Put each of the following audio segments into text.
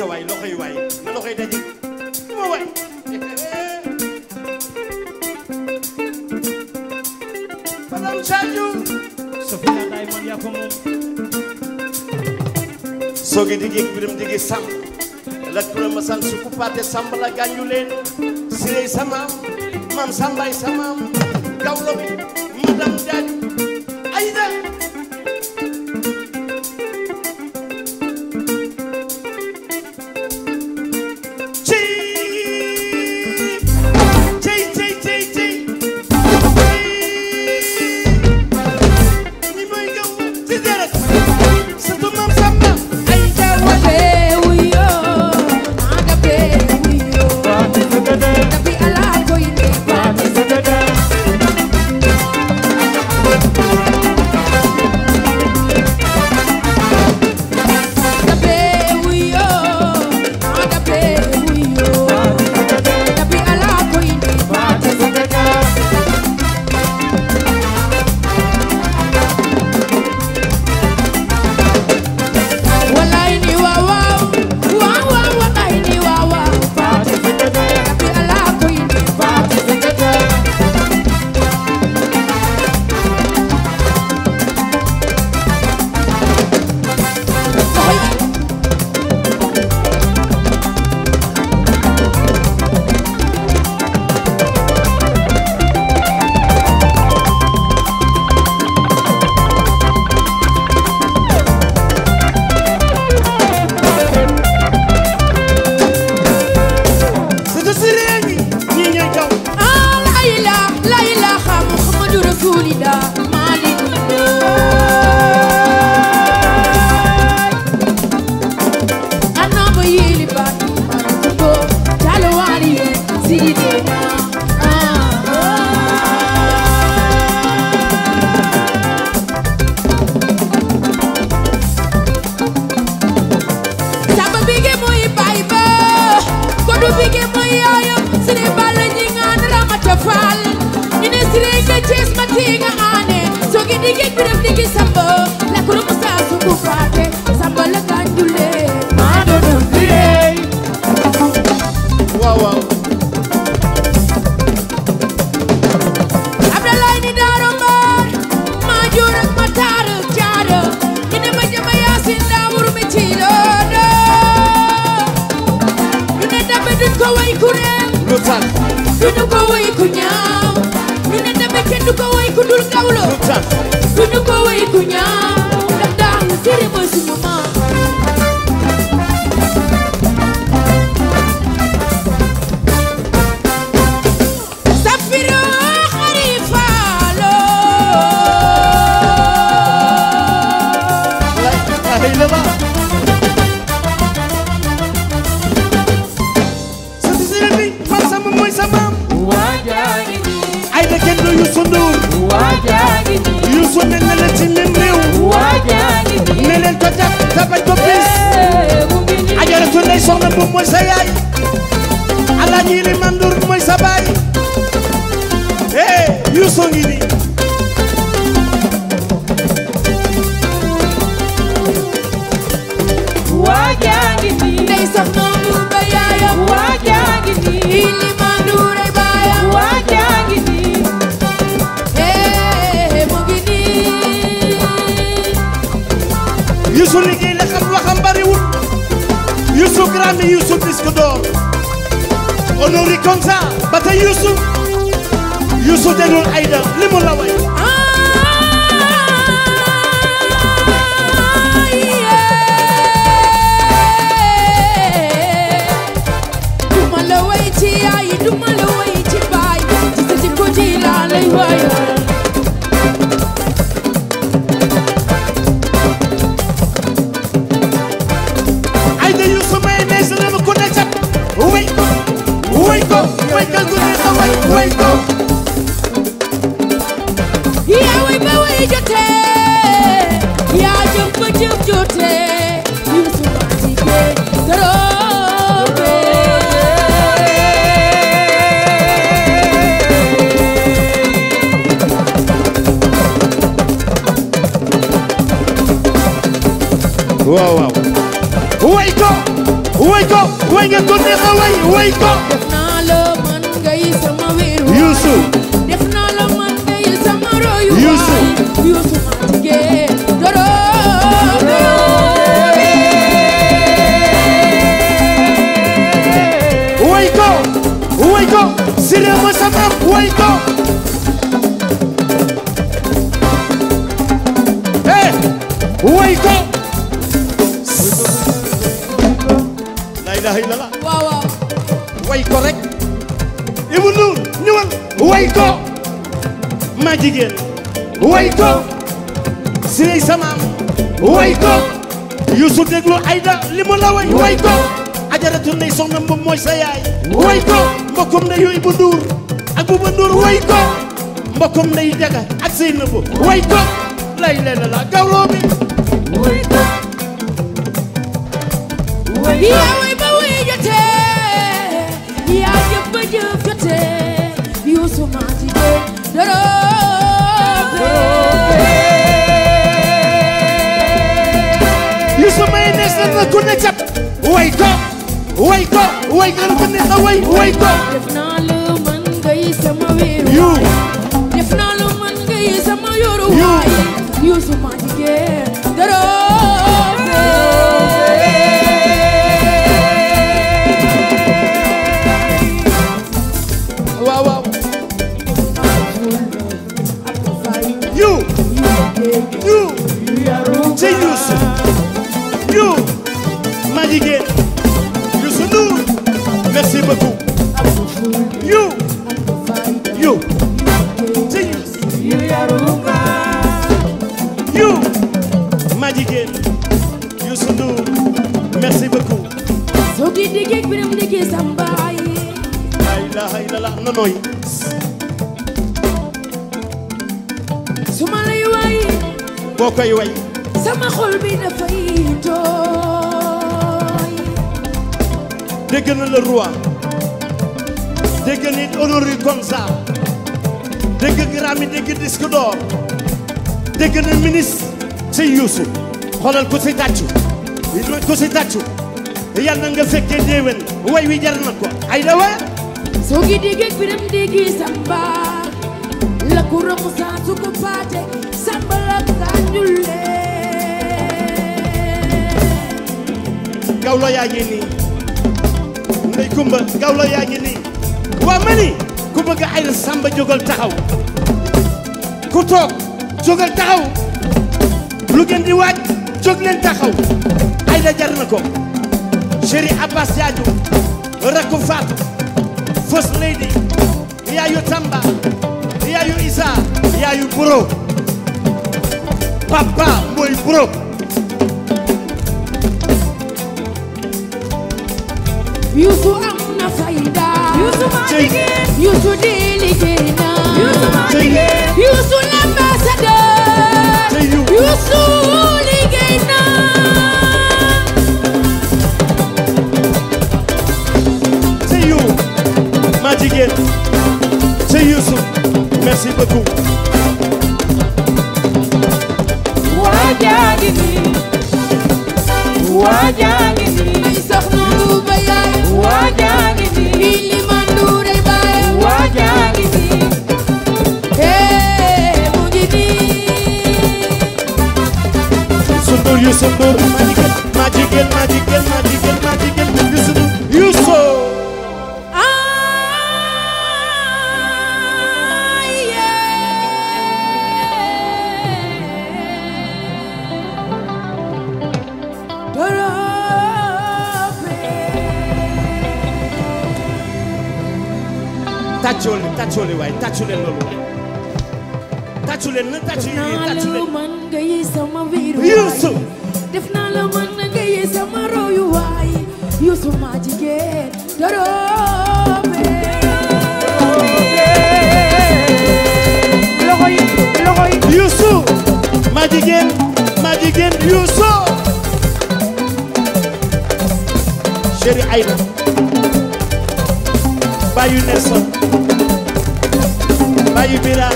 ma waay madame Sadio Sophia Diamond yaa ko moom soogi digi birim digi sam la turam san su kupate samba la gaañu leen sirey samaam maam sambay samaam gawlo bi madame Diagne dawlo lu ñu ko wéy du ñaaw ndax daamu jëri ba suñu ma Eh, bu ne ne leen ci même réew. waajaani bi ne leen ko jàpp te bañ ko bis. ajaratu ndey soxna bu mooy sa yaay. alaaji li mandur mooy sa baay. hey eh, Youssou ngi nii. Lamine Youssou disque d'or honoré comme ça ba tey Youssou Youssou déglul Aïda li mu la way duma la way ci yaay duma la way ci baay ci sa jikko ji laa lay way waaw waaw way ko way ko way nga ko neex a way way ko def naa la man ngay sama wér Yuusu def naa la man ngay sama waawa way ko rek Ibou Ndour ñëwal way ma jigéen way ko Sirey Samaam way ko Youssou déglu Aïda li mu la way way ko ajaratu ndey mbub mooy sa yaay way ko mbokkum ndeyu Ibou Ndour ak Bouba Ndour way ndeyu Jaga ak Seynabou way ko lay leena la gawloo bi way ko way jotee yaa jëf ba jëf jotee Youssou maa ci dee doroobee Youssou may nees na na ku ne cap way ko way ko way nga na ko nees na way way ko def naa lu mën ngay sama wéeru waay def naa lu mën ngay sama yoru waay Youssou maa ci dee doroobee you ci Youssou you ma jigéen Youssou Ndour merci beaucoup you you ci Youssou you ma jigéen Youssou Ndour merci beaucoup so gi digek biram dege sambay la ilaha illallah nonoy boo koy way sama xol bi dafay tooy dégg na le roi dégg nit honoré comme ça dégg Grammy dégg disque d'or dégg na ministre si Youssou xoolal ku si tàccu ku si tàccu yàlla nga fekkee déwén way wi jar na ko ay da way soo gi dégg ak biram dégg samba la ku roxu saa su ko gawlo yaa ngi nii ndey kumba gawlo yaa ngi nii waa ma ni ku bëgg sàmba jógal taxaw ku toog jógal taxaw lu ngeen di waaj jóg leen taxaw ayda jar na ko chéri abbas diadio rakku faatu first lady yaayu tamba yaayu isa yaayu buro papa mooy bro yusu am na fayda yusu ma liggéey di liggéey na yusu ma liggéey yusu liggéey na c'est you ma jigéen c'est Youssou merci Sundur Yusuf Ndur maa jigéen maa jigéen maa jigéen maa jigéen tàccoo li tàccoo li waay tàccu leen loolu waay tàccu leen na tàccu yi tàccu leen man nga yi sama wiir Yuusu def naa la man nga yi sama royu waay Yuusu maa jigéen doroobe loxo yi loxo yi Yuusu maa jigéen maa jigéen Yuusu chéri Aïda bàyyu Nelson ay mira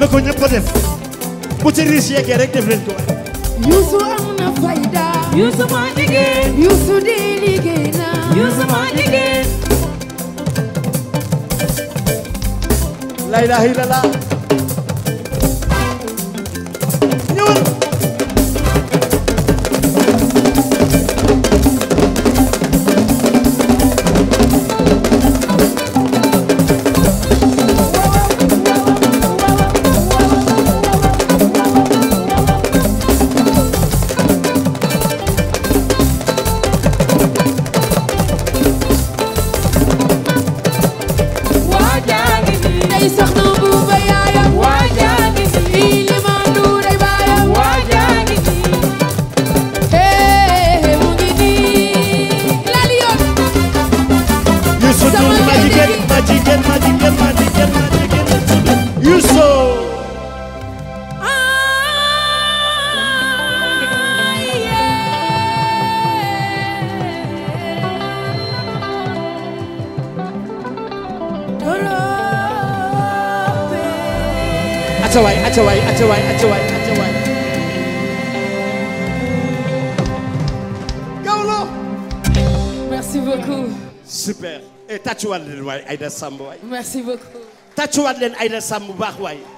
na ko ñëpp def bu ci riis yeggee rek def leen ko na fayda Youssou ma jigéen Youssou di ma jigéen la ilaha acca waay acca waay acca waay acca leen waay Aïda Samb waay merci beaucoup tàccuwaat bu baax